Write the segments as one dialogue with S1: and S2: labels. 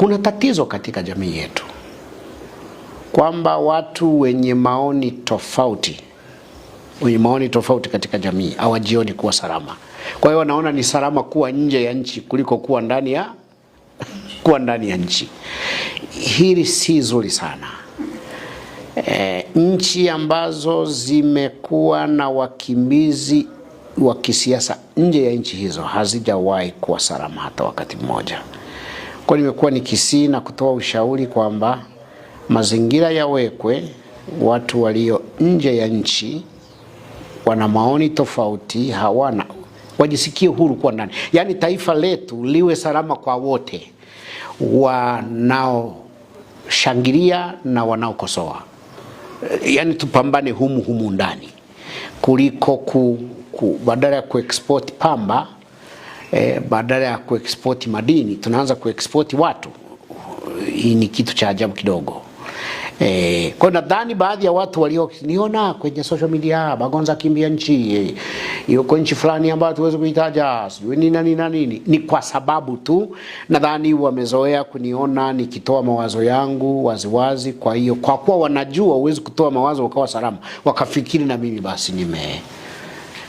S1: Kuna tatizo katika jamii yetu kwamba watu wenye maoni tofauti wenye maoni tofauti katika jamii hawajioni kuwa salama. Kwa hiyo wanaona ni salama kuwa nje ya nchi kuliko kuwa ndani ya kuwa ndani ya nchi. Hili si zuri sana. E, nchi ambazo zimekuwa na wakimbizi wa kisiasa nje ya nchi hizo hazijawahi kuwa salama hata wakati mmoja kwa nimekuwa nikisii na kutoa ushauri kwamba mazingira yawekwe, watu walio nje ya nchi wana maoni tofauti, hawana wajisikie huru kuwa ndani, yaani taifa letu liwe salama kwa wote wanaoshangilia na wanaokosoa, yaani tupambane humu humu ndani kuliko ku, ku badala ya kuexport pamba eh, badala ya kuexport madini tunaanza kuexport watu. Hii ni kitu cha ajabu kidogo. Eh, kwa nadhani baadhi ya watu walioniona kwenye social media Bagonza kimbia nchi yuko nchi fulani ambayo tuweze kuitaja sijui ni nani na nini, ni kwa sababu tu nadhani wamezoea kuniona nikitoa mawazo yangu waziwazi. Kwa hiyo kwa kuwa wanajua huwezi kutoa mawazo ukawa salama, wakafikiri na mimi basi nime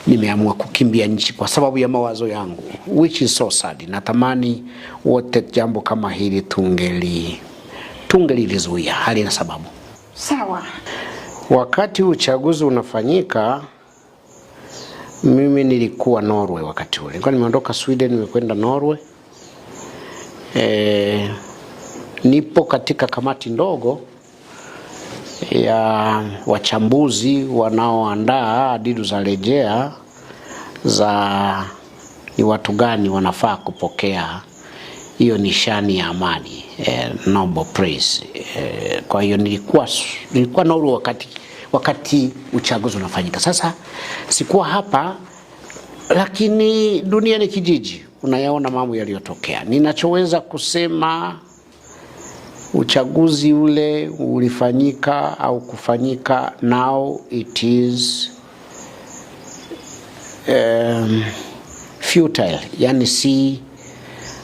S1: nimeamua kukimbia nchi kwa sababu ya mawazo yangu, which is so sad. Natamani wote jambo kama hili tungeli tungelilizuia, hali na sababu. Sawa, wakati uchaguzi unafanyika, mimi nilikuwa Norway wakati ule, nilikuwa nimeondoka Sweden, nimekwenda Norway. E, nipo katika kamati ndogo ya wachambuzi wanaoandaa adidu za rejea za ni watu gani wanafaa kupokea hiyo nishani ya amani eh, Nobel Prize eh, kwa hiyo nilikuwa nilikuwa na wakati wakati uchaguzi unafanyika. Sasa sikuwa hapa, lakini dunia ni kijiji, unayaona mambo yaliyotokea. Ninachoweza kusema uchaguzi ule ulifanyika au kufanyika. Now it is um, futile, yani si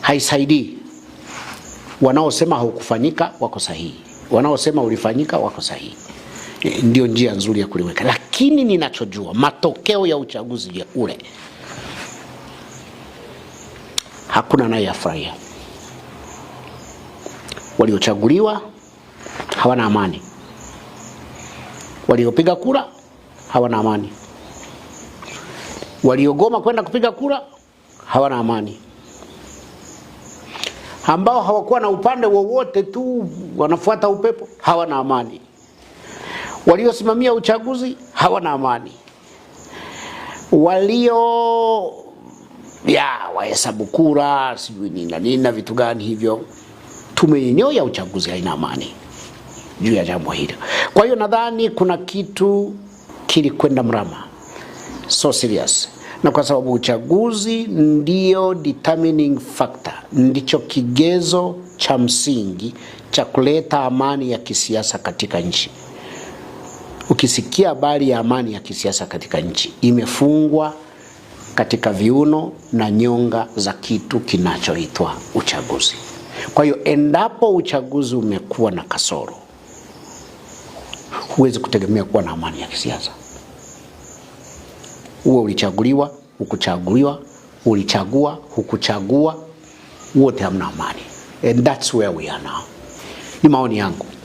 S1: haisaidii. Wanaosema haukufanyika wako sahihi, wanaosema ulifanyika wako sahihi. E, ndio njia nzuri ya kuliweka, lakini ninachojua matokeo ya uchaguzi ule hakuna anayeyafurahia waliochaguliwa hawana amani, waliopiga kura hawana amani, waliogoma kwenda kupiga kura hawana amani, ambao hawakuwa na upande wowote tu wanafuata upepo hawana amani, waliosimamia uchaguzi hawana amani, walio ya wahesabu kura sijui nina nina vitu gani hivyo tume yenyewe ya uchaguzi haina amani juu ya jambo hili. Kwa hiyo nadhani kuna kitu kilikwenda mrama, so serious, na kwa sababu uchaguzi ndio determining factor, ndicho kigezo cha msingi cha kuleta amani ya kisiasa katika nchi. Ukisikia habari ya amani ya kisiasa katika nchi, imefungwa katika viuno na nyonga za kitu kinachoitwa uchaguzi. Kwa hiyo endapo uchaguzi umekuwa na kasoro, huwezi kutegemea kuwa na amani ya kisiasa. Uwe ulichaguliwa, hukuchaguliwa, ulichagua, hukuchagua, wote hamna amani, and that's where we are now. Ni maoni yangu.